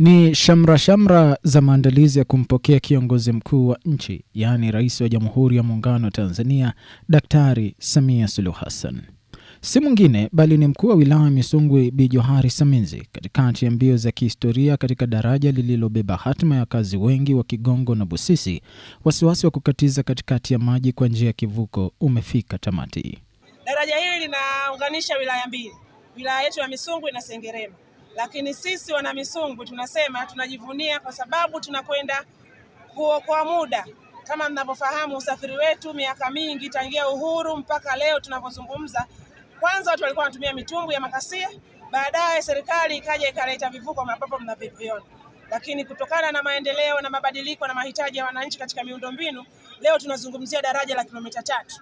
Ni shamra shamra za maandalizi ya kumpokea kiongozi mkuu wa nchi yaani Rais wa Jamhuri ya Muungano wa Tanzania Daktari Samia suluh Hassan. Si mwingine bali ni mkuu wa wilaya ya Misungwi Bi Johari Saminzi, katikati ya mbio za kihistoria katika daraja lililobeba hatima ya wakazi wengi wa Kigongo na Busisi. Wasiwasi wa kukatiza katikati ya maji kwa njia ya kivuko umefika tamati. Daraja hili linaunganisha wilaya mbili, wilaya yetu ya Misungwi na Sengerema lakini sisi wana Misungwi tunasema tunajivunia kwa sababu tunakwenda kuokoa muda. Kama mnavyofahamu usafiri wetu miaka mingi tangia uhuru mpaka leo tunavyozungumza, kwanza watu walikuwa wanatumia mitumbwi ya makasia, baadaye serikali ikaja ikaleta vivuko ambapo mnavyoviona, lakini kutokana na maendeleo na mabadiliko na mahitaji ya wananchi katika miundombinu, leo tunazungumzia daraja la kilomita tatu,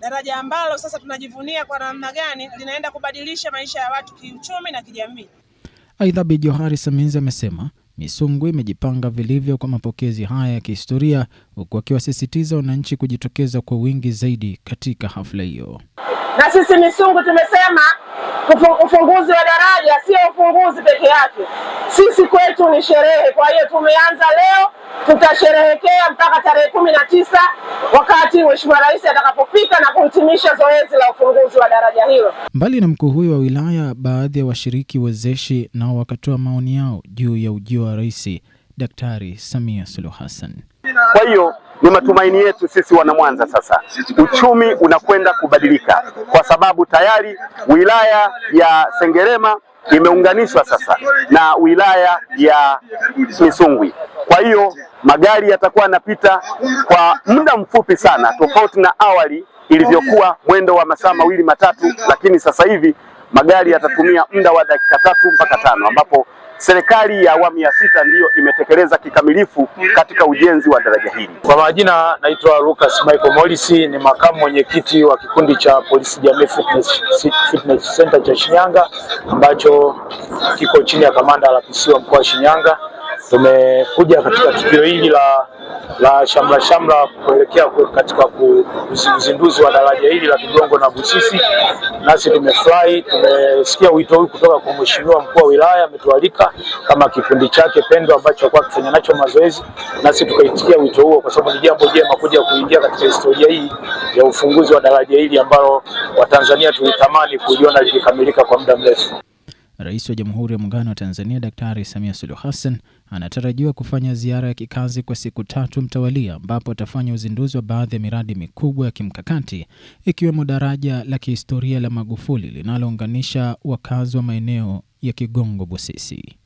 daraja ambalo sasa tunajivunia kwa namna gani linaenda kubadilisha maisha ya watu kiuchumi na kijamii. Aidha, Bi Johari Samizi amesema Misungwi imejipanga vilivyo kwa mapokezi haya ya kihistoria, huku akiwasisitiza wananchi kujitokeza kwa wingi zaidi katika hafla hiyo. Na sisi Misungwi tumesema ufunguzi wa daraja sio ufunguzi peke yake, sisi kwetu ni sherehe. Kwa hiyo tumeanza leo tutasherehekea mpaka tarehe kumi na tisa wakati Mheshimiwa Rais atakapofika na kuhitimisha zoezi la ufunguzi wa daraja hilo. Mbali na mkuu huyo wa wilaya, baadhi ya washiriki wezeshi nao wakatoa maoni yao juu ya ujio wa Rais Daktari Samia Suluhu Hassan. Kwa hiyo ni matumaini yetu sisi wanamwanza, sasa uchumi unakwenda kubadilika kwa sababu tayari wilaya ya Sengerema imeunganishwa sasa na wilaya ya Misungwi. Kwa hiyo magari yatakuwa yanapita kwa muda mfupi sana, tofauti na awali ilivyokuwa mwendo wa masaa mawili matatu, lakini sasa hivi magari yatatumia muda wa dakika tatu mpaka tano ambapo serikali ya awamu ya sita ndiyo imetekeleza kikamilifu katika ujenzi wa daraja hili. Kwa majina naitwa Lucas Michael Morris, ni makamu mwenyekiti wa kikundi cha polisi jamii fitness, fitness center cha Shinyanga ambacho kiko chini ya kamanda la PC wa mkoa wa Shinyanga. Tumekuja katika tukio hili la la shamra shamra kuelekea katika uzinduzi wa daraja hili la Kigongo na Busisi. Nasi tumefurahi, tumesikia wito huu kutoka kwa mheshimiwa mkuu wa wilaya, ametualika kama kikundi chake pendwa ambacho alikuwa akifanya nacho mazoezi, nasi tukaitikia wito huo, kwa sababu ni jambo jema kuja kuingia katika historia hii ya ufunguzi wa daraja hili ambalo Watanzania tulitamani kuliona likikamilika kwa muda mrefu. Rais wa Jamhuri ya Muungano wa Tanzania Daktari Samia Suluhu Hassan anatarajiwa kufanya ziara ya kikazi kwa siku tatu mtawalia, ambapo atafanya uzinduzi wa baadhi ya miradi mikubwa ya kimkakati ikiwemo daraja la kihistoria la Magufuli linalounganisha wakazi wa maeneo ya Kigongo Busisi